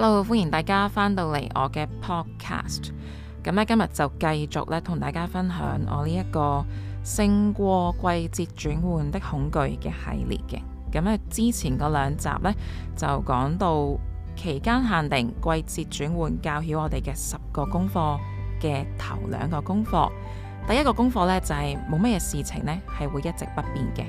hello，歡迎大家翻到嚟我嘅 podcast。咁咧，今日就繼續咧，同大家分享我呢、這、一個勝過季節轉換的恐懼嘅系列嘅。咁咧，之前嗰兩集咧就講到期間限定季節轉換教曉我哋嘅十個功課嘅頭兩個功課，第一個功課咧就係冇乜嘢事情呢係會一直不變嘅。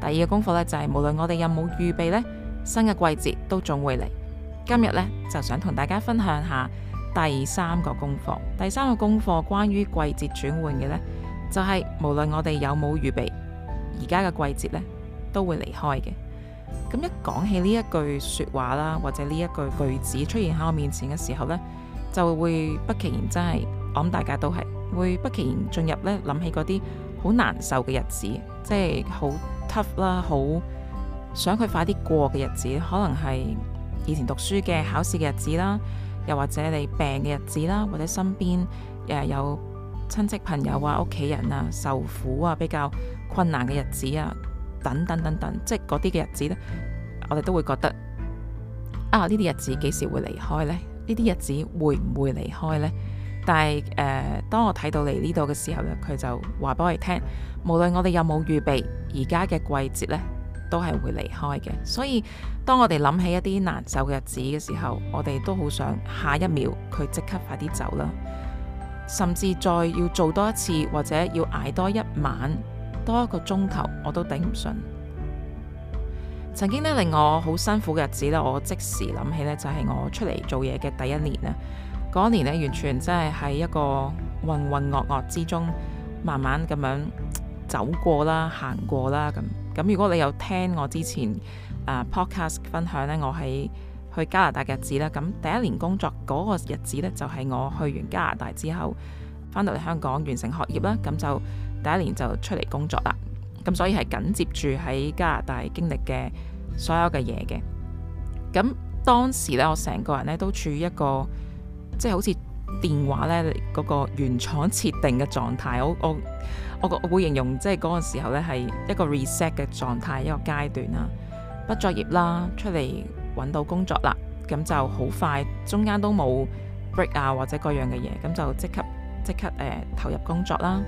第二個功課咧就係、是、無論我哋有冇預備呢，新嘅季節都總會嚟。今日呢就想同大家分享下第三個功課。第三個功課關於季節轉換嘅呢，就係無論我哋有冇預備，而家嘅季節呢，都會離開嘅。咁一講起呢一句説話啦，或者呢一句句子出現喺我面前嘅時候呢，就會不其然真係，我諗大家都係會不其然進入呢諗起嗰啲好難受嘅日子，即係好 tough 啦，好想佢快啲過嘅日子，可能係。以前讀書嘅考試嘅日子啦，又或者你病嘅日子啦，或者身邊誒有親戚朋友啊、屋企人啊受苦啊、比較困難嘅日子啊等等等等，即係嗰啲嘅日子呢，我哋都會覺得啊，呢啲日子幾時會離開呢？呢啲日子會唔會離開呢？但但係誒，當我睇到嚟呢度嘅時候呢，佢就話俾我哋聽，無論我哋有冇預備，而家嘅季節呢，都係會離開嘅，所以當我哋諗起一啲難受嘅日子嘅時候，我哋都好想下一秒佢即刻快啲走啦，甚至再要做多一次或者要挨多一晚多一個鐘頭，我都頂唔順。曾經呢，令我好辛苦嘅日子咧，我即時諗起呢，就係我出嚟做嘢嘅第一年啦。嗰年呢，完全真係喺一個渾渾噩噩之中，慢慢咁樣走過啦，行過啦咁。咁如果你有聽我之前啊、uh, podcast 分享呢，我喺去加拿大嘅日子啦。咁第一年工作嗰個日子呢，就係、是、我去完加拿大之後，翻到嚟香港完成學業啦，咁就第一年就出嚟工作啦。咁所以係緊接住喺加拿大經歷嘅所有嘅嘢嘅。咁當時呢，我成個人呢都處於一個即係、就是、好似。電話呢嗰、嗰個原廠設定嘅狀態，我我我我會形容即係嗰個時候呢係一個 reset 嘅狀態，一個階段啦。畢咗業啦，出嚟揾到工作啦，咁就好快，中間都冇 break 啊或者各樣嘅嘢，咁就即刻即刻誒、呃、投入工作啦。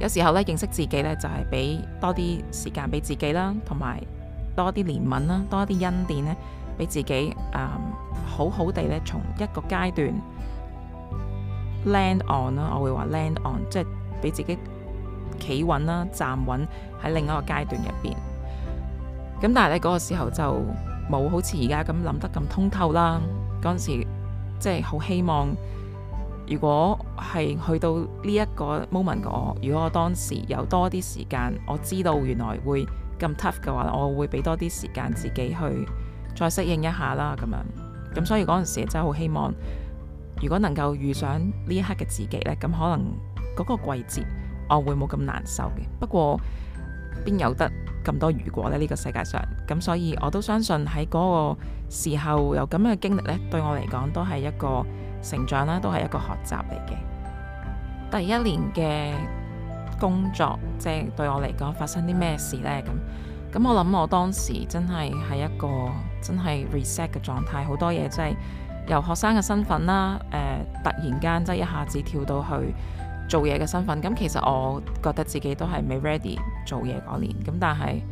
有時候呢，認識自己呢就係、是、俾多啲時間俾自己啦，同埋多啲憐憫啦，多啲恩典呢，俾自己誒、呃、好好地呢，從一個階段。land on 啦，我會話 land on，即係俾自己企穩啦、站穩喺另一個階段入邊。咁但係咧嗰個時候就冇好似而家咁諗得咁通透啦。嗰陣時即係好希望，如果係去到呢一個 moment 嘅我，如果我當時有多啲時間，我知道原來會咁 tough 嘅話，我會俾多啲時間自己去再適應一下啦。咁樣咁所以嗰陣時真係好希望。如果能夠遇上呢一刻嘅自己呢，咁可能嗰個季節我會冇咁難受嘅。不過邊有得咁多如果呢？呢個世界上咁，所以我都相信喺嗰個時候有咁樣嘅經歷呢，對我嚟講都係一個成長啦，都係一個學習嚟嘅。第一年嘅工作，即係對我嚟講發生啲咩事呢？咁咁我諗我當時真係喺一個真係 reset 嘅狀態，好多嘢真係。由學生嘅身份啦，誒、呃、突然間即係一下子跳到去做嘢嘅身份，咁、嗯、其實我覺得自己都係未 ready 做嘢嗰年，咁、嗯、但係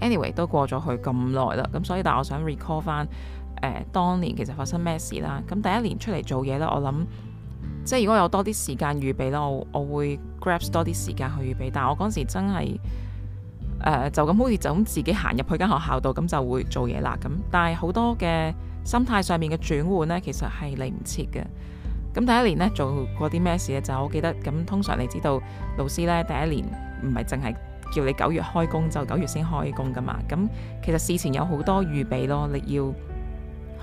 anyway 都過咗去咁耐啦，咁、嗯、所以但係我想 recall 翻誒、呃、當年其實發生咩事啦，咁、嗯、第一年出嚟做嘢咧，我諗即係如果有多啲時間預備咧，我我會 grab 多啲時間去預備，但係我嗰時真係誒、呃、就咁好似就咁自己行入去間學校度，咁、嗯、就會做嘢啦，咁、嗯、但係好多嘅。心態上面嘅轉換呢，其實係嚟唔切嘅。咁第一年呢，做過啲咩事呢？就我記得咁，通常你知道老師呢，第一年唔係淨係叫你九月開工就九月先開工噶嘛。咁其實事前有好多預備咯，你要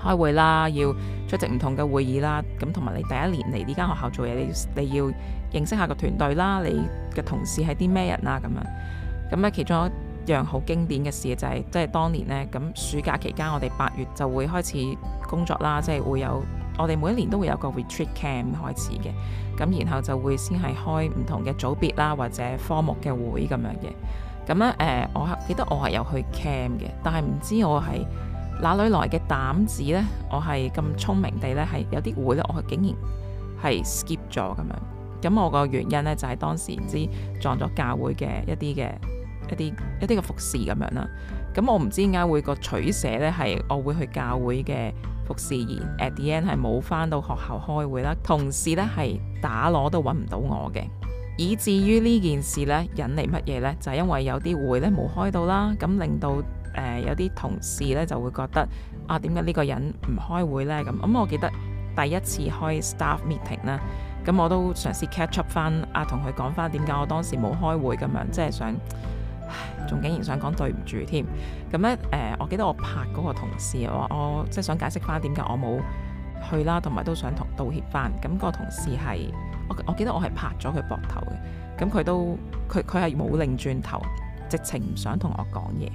開會啦，要出席唔同嘅會議啦。咁同埋你第一年嚟呢間學校做嘢，你你要認識下個團隊啦，你嘅同事係啲咩人啊？咁樣咁咧，其中。一樣好經典嘅事就係，即係當年呢。咁暑假期間我哋八月就會開始工作啦，即係會有我哋每一年都會有個 retreat camp 開始嘅，咁然後就會先係開唔同嘅組別啦，或者科目嘅會咁樣嘅，咁咧誒，我記得我係有去 camp 嘅，但係唔知我係哪裡來嘅膽子呢，我係咁聰明地呢，係有啲會呢，我竟然係 skip 咗咁樣，咁我個原因呢，就係當時唔知撞咗教會嘅一啲嘅。一啲一啲嘅服侍咁樣啦。咁、嗯、我唔知點解會個取捨呢，係我會去教會嘅服侍而 at the end 係冇返到學校開會啦。同事呢係打鑼都揾唔到我嘅，以至於呢件事呢，引嚟乜嘢呢？就係、是、因為有啲會呢冇開到啦。咁、嗯、令到誒、呃、有啲同事呢就會覺得啊，點解呢個人唔開會呢？嗯咁、嗯、咁，我記得第一次開 staff meeting 啦、嗯，咁我都嘗試 catch up 返啊，同佢講返點解我當時冇開會咁樣，即係想。仲竟然想講對唔住添咁咧？誒、呃，我記得我拍嗰個同事，我我即係想解釋翻點解我冇去啦，同埋都想同道歉翻。咁個同事係我我記得我係拍咗佢膊頭嘅，咁佢都佢佢係冇擰轉頭，直情唔想同我講嘢。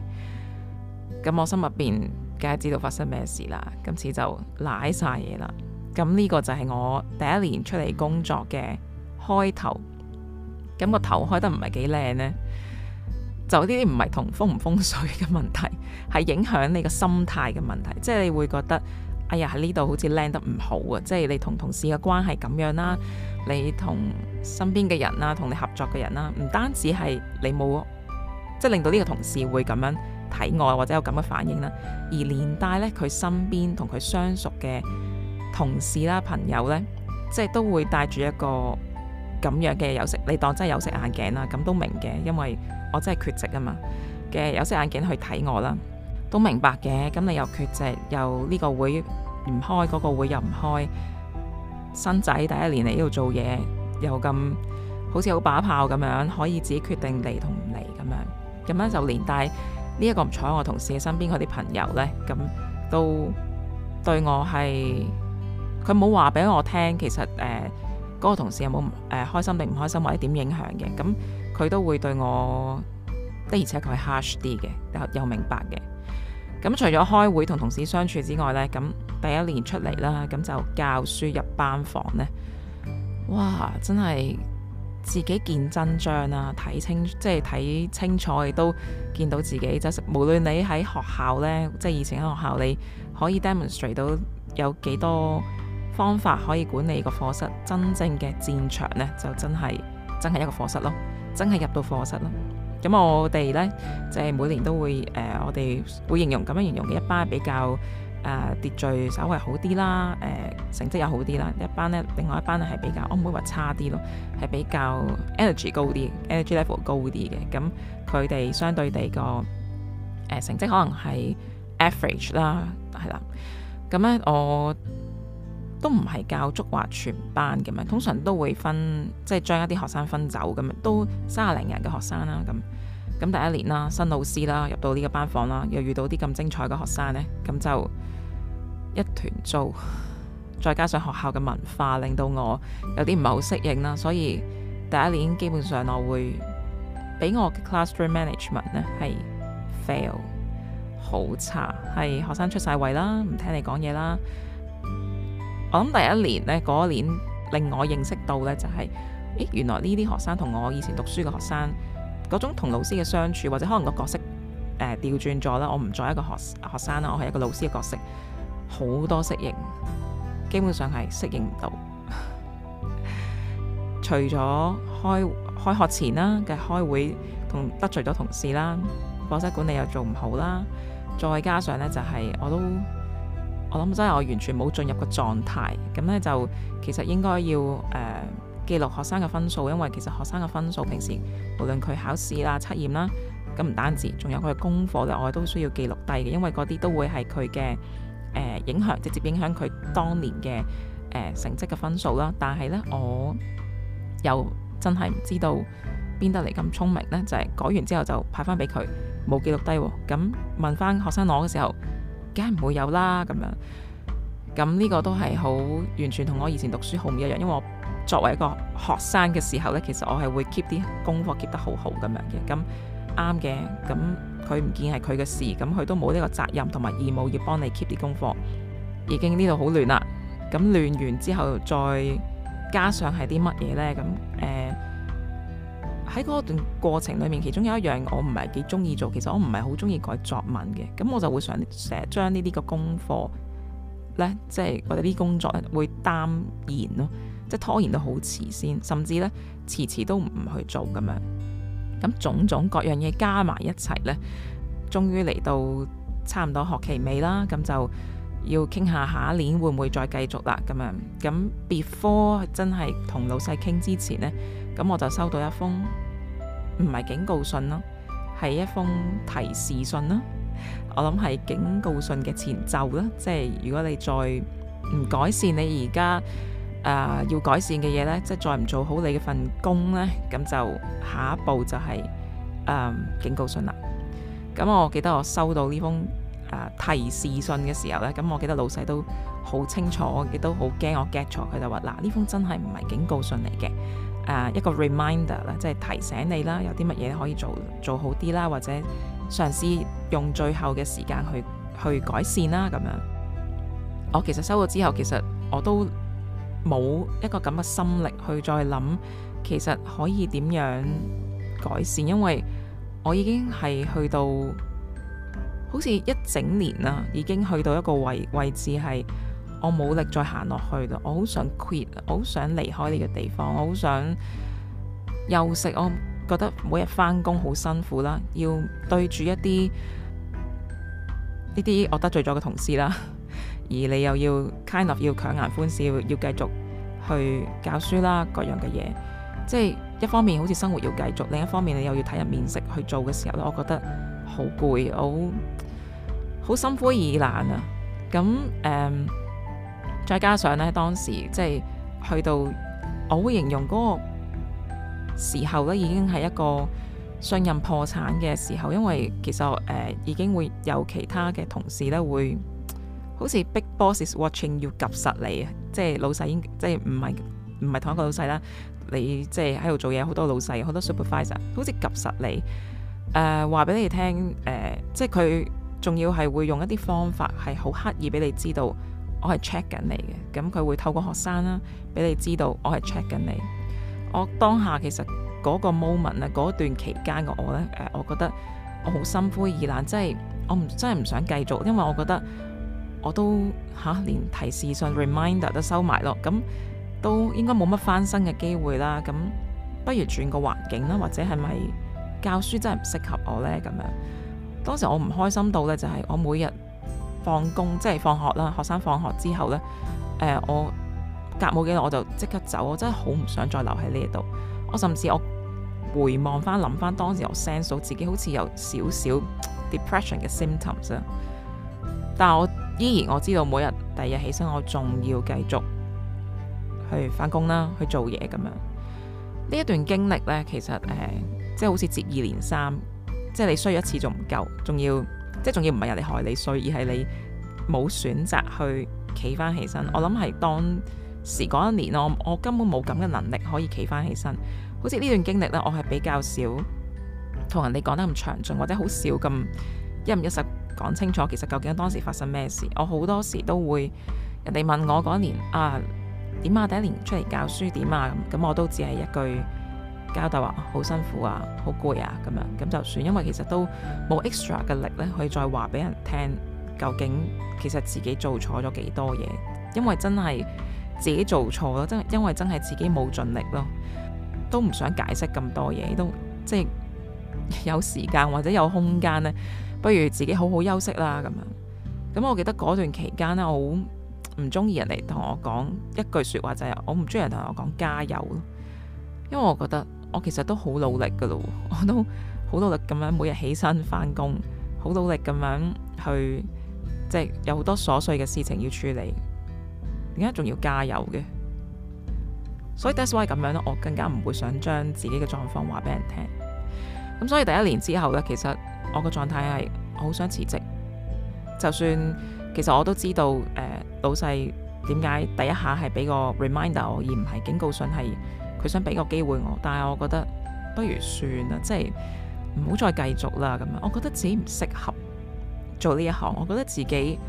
咁我心入邊梗係知道發生咩事啦。今次就瀨晒嘢啦。咁呢個就係我第一年出嚟工作嘅開頭。咁個頭開得唔係幾靚呢。就呢啲唔係同風唔風水嘅問題，係影響你個心態嘅問題。即係你會覺得，哎呀，喺呢度好似靚得唔好啊！即係你同同事嘅關係咁樣啦，你同身邊嘅人啦，同你合作嘅人啦，唔單止係你冇，即係令到呢個同事會咁樣睇我或者有咁嘅反應啦。而連帶咧，佢身邊同佢相熟嘅同事啦、朋友咧，即係都會帶住一個。咁樣嘅有色，你當真有色眼鏡啦？咁都明嘅，因為我真係缺席啊嘛。嘅有色眼鏡去睇我啦，都明白嘅。咁你又缺席，又呢個會唔開，嗰個會又唔開。新仔第一年嚟呢度做嘢，又咁好似好把炮咁樣，可以自己決定嚟同唔嚟咁樣。咁咧就連帶呢一個唔睬我同事嘅身邊，佢啲朋友呢，咁都對我係佢冇話俾我聽。其實誒。呃嗰個同事有冇誒、呃、開心定唔開心或者點影響嘅？咁佢都會對我的，的，而且佢係 harsh 啲嘅，又明白嘅。咁除咗開會同同事相處之外呢，咁第一年出嚟啦，咁就教書入班房呢。哇！真係自己見真章啊，睇清即係睇清楚亦都見到自己真實。即係、無論你喺學校呢，即係以前喺學校，你可以 demonstrate 到有幾多。方法可以管理個課室，真正嘅戰場呢就真係真係一個課室咯，真係入到課室咯。咁我哋呢，即係每年都會誒、呃，我哋會形容咁樣形容嘅一班比較誒、呃、秩序稍微好啲啦，誒、呃、成績又好啲啦。一班呢，另外一班呢係比較，我唔會話差啲咯，係比較 energy 高啲，energy level 高啲嘅。咁佢哋相對地個、呃、成績可能係 average 啦，係啦。咁呢，我。都唔係教足或全班咁樣，通常都會分，即係將一啲學生分走咁樣，都三廿零人嘅學生啦。咁咁第一年啦，新老師啦，入到呢個班房啦，又遇到啲咁精彩嘅學生呢，咁就一團糟。再加上學校嘅文化，令到我有啲唔係好適應啦，所以第一年基本上我會俾我嘅 classroom management 呢係 fail，好差，係學生出晒位啦，唔聽你講嘢啦。我諗第一年咧，嗰年令我認識到咧，就係，誒，原來呢啲學生同我以前讀書嘅學生，嗰種同老師嘅相處，或者可能個角色誒調轉咗啦，我唔再一個學學生啦，我係一個老師嘅角色，好多適應，基本上係適應唔到， 除咗開開學前啦嘅開會同得罪咗同事啦，課室管理又做唔好啦，再加上咧就係我都。我諗真係我完全冇進入個狀態，咁呢，就其實應該要誒、呃、記錄學生嘅分數，因為其實學生嘅分數平時無論佢考試啦、測驗啦，咁唔單止，仲有佢嘅功課咧，我都需要記錄低嘅，因為嗰啲都會係佢嘅誒影響，直接影響佢當年嘅誒、呃、成績嘅分數啦。但係呢，我又真係唔知道邊得嚟咁聰明呢，就係、是、改完之後就派返俾佢，冇記錄低、哦，咁問翻學生攞嘅時候。梗唔會有啦，咁樣，咁呢個都係好完全同我以前讀書好唔一樣，因為我作為一個學生嘅時候呢，其實我係會 keep 啲功課 keep 得好好咁樣嘅，咁啱嘅，咁佢唔見係佢嘅事，咁佢都冇呢個責任同埋義務要幫你 keep 啲功課，已經呢度好亂啦，咁亂完之後再加上係啲乜嘢呢？咁誒。呃喺嗰段過程裏面，其中有一樣我唔係幾中意做，其實我唔係好中意改作文嘅，咁我就會想成日將呢啲嘅功課咧，即係我哋啲工作咧，會耽延咯，即係拖延到好遲先，甚至咧遲遲都唔去做咁樣。咁種種各樣嘢加埋一齊咧，終於嚟到差唔多學期尾啦，咁就要傾下下一年會唔會再繼續啦。咁樣咁 before 真係同老細傾之前咧。咁我就收到一封唔係警告信啦，係一封提示信啦。我諗係警告信嘅前奏啦，即係如果你再唔改善你而家誒要改善嘅嘢呢，即係再唔做好你嘅份工呢，咁就下一步就係、是、誒、呃、警告信啦。咁我記得我收到呢封誒、呃、提示信嘅時候呢，咁我記得老細都好清楚，亦都好驚我 get 錯，佢就話嗱，呢封真係唔係警告信嚟嘅。啊，uh, 一個 reminder 啦，即係提醒你啦，有啲乜嘢可以做做好啲啦，或者嘗試用最後嘅時間去去改善啦，咁樣。我其實收咗之後，其實我都冇一個咁嘅心力去再諗，其實可以點樣改善，因為我已經係去到好似一整年啦，已經去到一個位位置係。我冇力再行落去咯，我好想 quit，我好想離開呢個地方，我好想休息。我覺得每日翻工好辛苦啦，要對住一啲呢啲我得罪咗嘅同事啦，而你又要 kind of 要強顏歡笑，要繼續去教書啦，各樣嘅嘢，即係一方面好似生活要繼續，另一方面你又要睇人面色去做嘅時候咧，我覺得好攰，好好心灰意冷啊。咁誒。Um, 再加上咧，當時即係去到，我會形容嗰個時候咧，已經係一個信任破產嘅時候。因為其實誒、呃、已經會有其他嘅同事咧，會好似 big boss watching 要及實你，即係老細已經，即係唔係唔係同一個老細啦。你即係喺度做嘢，好多老細，好多 supervisor，好似及實你。誒、呃，話俾你聽誒、呃，即係佢仲要係會用一啲方法係好刻意俾你知道。我係 check 緊你嘅，咁佢會透過學生啦，俾你知道我係 check 緊你。我當下其實嗰個 moment 啊，嗰段期間嘅我咧，誒，我覺得我好心灰意冷，即係我唔真係唔想繼續，因為我覺得我都嚇、啊、連提示信 reminder 都收埋咯，咁都應該冇乜翻身嘅機會啦。咁不如轉個環境啦，或者係咪教書真係唔適合我咧？咁樣當時我唔開心到咧，就係、是、我每日。放工即係放學啦，學生放學之後呢，誒、呃、我隔冇幾耐我就即刻走，我真係好唔想再留喺呢度。我甚至我回望翻諗翻當時我 sense 自己好似有少少 depression 嘅 symptoms，但我依然我知道每日第二日起身我仲要繼續去翻工啦，去做嘢咁樣。呢一段經歷呢，其實誒、呃、即係好似接二連三，即係你衰一次仲唔夠，仲要。即係仲要唔係人哋害你衰，而係你冇選擇去企翻起身。我諗係當時嗰一年咯，我，我根本冇咁嘅能力可以企翻起身。好似呢段經歷呢，我係比較少同人哋講得咁詳盡，或者好少咁一五一十講清楚。其實究竟當時發生咩事？我好多時都會人哋問我嗰一年啊點啊，第一年出嚟教書點啊咁，我都只係一句。交代話好辛苦啊，好攰啊咁樣，咁就算，因為其實都冇 extra 嘅力咧，去再話俾人聽究竟其實自己做錯咗幾多嘢。因為真係自己做錯咯，真係因為真係自己冇盡力咯，都唔想解釋咁多嘢，都即係、就是、有時間或者有空間呢，不如自己好好休息啦咁樣。咁我記得嗰段期間呢，我唔中意人哋同我講一句説話就係、是、我唔中意人同我講加油咯，因為我覺得。我其實都好努力噶咯，我都好努力咁樣每日起身返工，好努力咁樣去，即係有好多瑣碎嘅事情要處理。點解仲要加油嘅？所以 that's why 咁樣我更加唔會想將自己嘅狀況話俾人聽。咁所以第一年之後呢，其實我個狀態係我好想辭職，就算其實我都知道，誒、呃、老細點解第一下係俾個 reminder 我而唔係警告信係。佢想俾個機會我，但係我覺得不如算啦，即係唔好再繼續啦。咁樣我覺得自己唔適合做呢一行，我覺得自己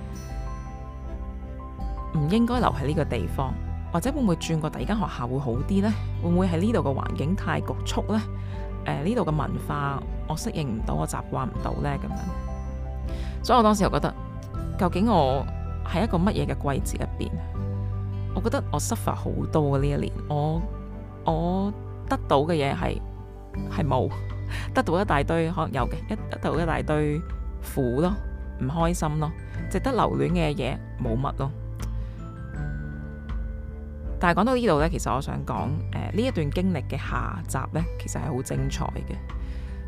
唔應該留喺呢個地方，或者會唔會轉過第二間學校會好啲呢？會唔會喺呢度嘅環境太局促呢？誒、呃，呢度嘅文化我適應唔到，我習慣唔到呢。咁樣，所以我當時又覺得，究竟我喺一個乜嘢嘅季節入邊？我覺得我 suffer 好多啊！呢一年我。我得到嘅嘢，係係冇，得到一大堆可能有嘅一，得到一大堆苦咯，唔開心咯，值得留戀嘅嘢冇乜咯。但係講到呢度呢，其實我想講誒呢一段經歷嘅下集呢，其實係好精彩嘅，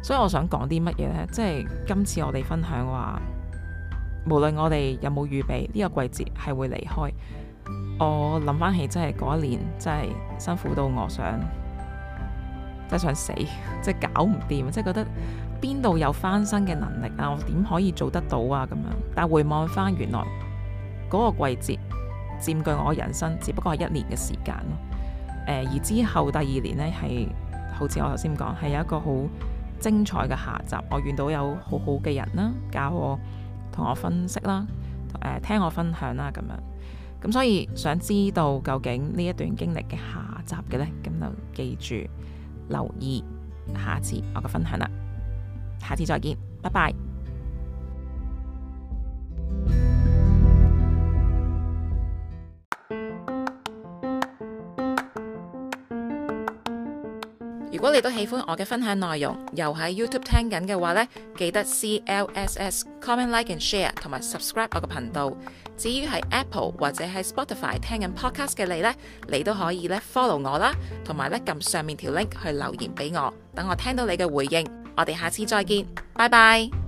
所以我想講啲乜嘢呢？即係今次我哋分享話，無論我哋有冇預備，呢個季節係會離開。我諗翻起真係嗰一年真係辛苦到我想真係想死，真係搞唔掂，即係覺得邊度有翻身嘅能力啊？我點可以做得到啊？咁樣，但回望翻原來嗰個季節佔據我人生，只不過係一年嘅時間咯，呃。而之後第二年呢，係好似我頭先講，係有一個好精彩嘅下集，我遇到有好好嘅人啦，教我同我分析啦，誒，呃，聽我分享啦，咁樣。咁所以想知道究竟呢一段經歷嘅下集嘅呢，咁就記住留意下次我嘅分享啦，下次再見，拜拜。如果你都喜歡我嘅分享內容，又喺 YouTube 聽緊嘅話咧，記得 CLSS comment like and share 同埋 subscribe 我嘅頻道。至於係 Apple 或者係 Spotify 聽緊 podcast 嘅你咧，你都可以咧 follow 我啦，同埋咧撳上面條 link 去留言俾我，等我聽到你嘅回應。我哋下次再見，拜拜。